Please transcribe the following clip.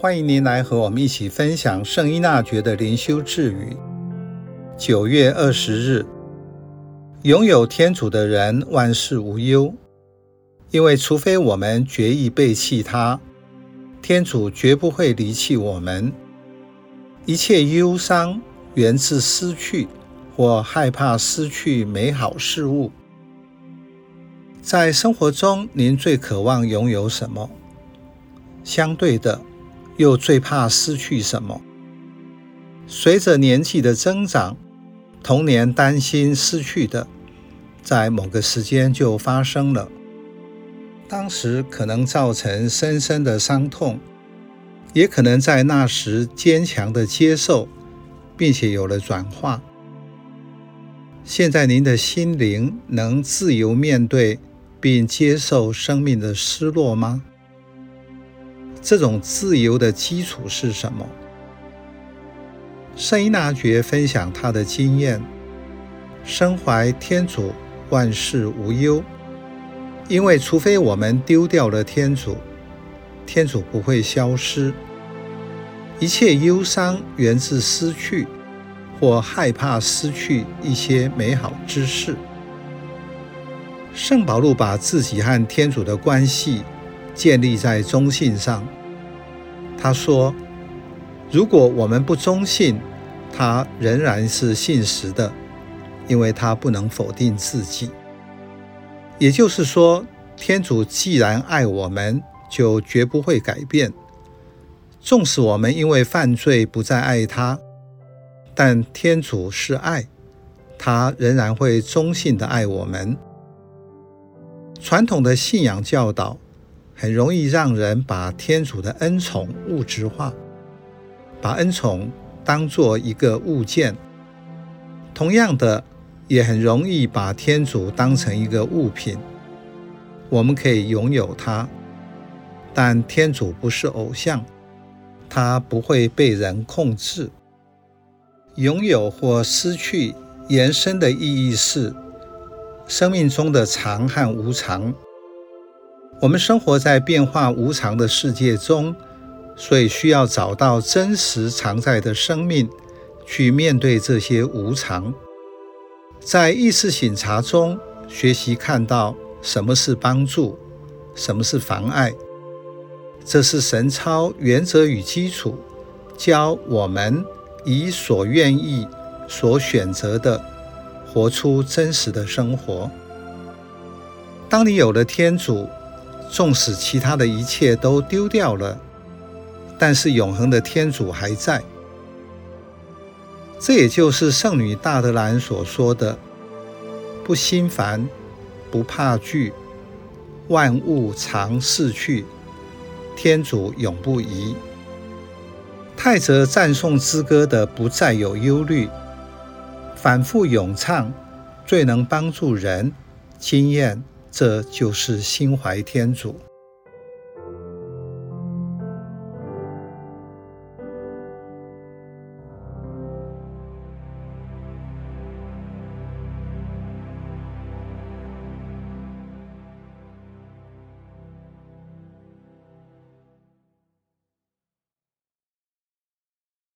歡迎您來和我們一起分享聖依納爵的靈修智語。九月二十日，擁有天主的人萬事無憂，因為除非我們決意背棄他，天主絕不會離棄我們。一切憂傷源自失去或害怕失去美好事物。在生活中，您最渴望擁有什麼？相對的。又最怕失去什麼？隨着年紀的增長，童年擔心失去的，在某個時間就發生了。當時可能造成深深的傷痛，也可能在那時堅強的接受，並且有了轉化。現在您的心靈能自由面對並接受生命的失落嗎？這種自由的基礎是什麼？聖依納爵分享他的經驗：身懷天主，萬事無憂。因為除非我們丟掉了天主，天主不會消失。一切憂傷源自失去或害怕失去一些美好之事。聖保祿把自己和天主的關係。建立在忠信上，他說：“如果我們不忠信，他仍然是信實的，因為他不能否定自己。也就是說，天主既然愛我們，就絕不會改變。縱使我們因為犯罪不再愛他，但天主是愛，他仍然會忠信的愛我們。傳統的信仰教導。”很容易讓人把天主的恩寵物質化，把恩寵當做一個物件。同樣的，也很容易把天主當成一個物品，我們可以擁有祂，但天主不是偶像，祂不會被人控制。擁有或失去延伸的意義是生命中的常和無常。我們生活在變化無常的世界中，所以需要找到真實常在的生命，去面對這些無常。在意識省察中學習，看到什麼是幫助，什麼是妨礙。這是神操原則與基礎，教我們以所願意、所選擇的，活出真實的生活。當你有了天主，縱使其他的一切都丟掉了，但是永恆的天主還在。這也就是聖女大德蘭所說的：“不心煩，不怕懼，萬物常逝去，天主永不移。”泰澤讚頌之歌的“不再有憂慮”，反覆詠唱，最能幫助人經驗。這就是心懷天主。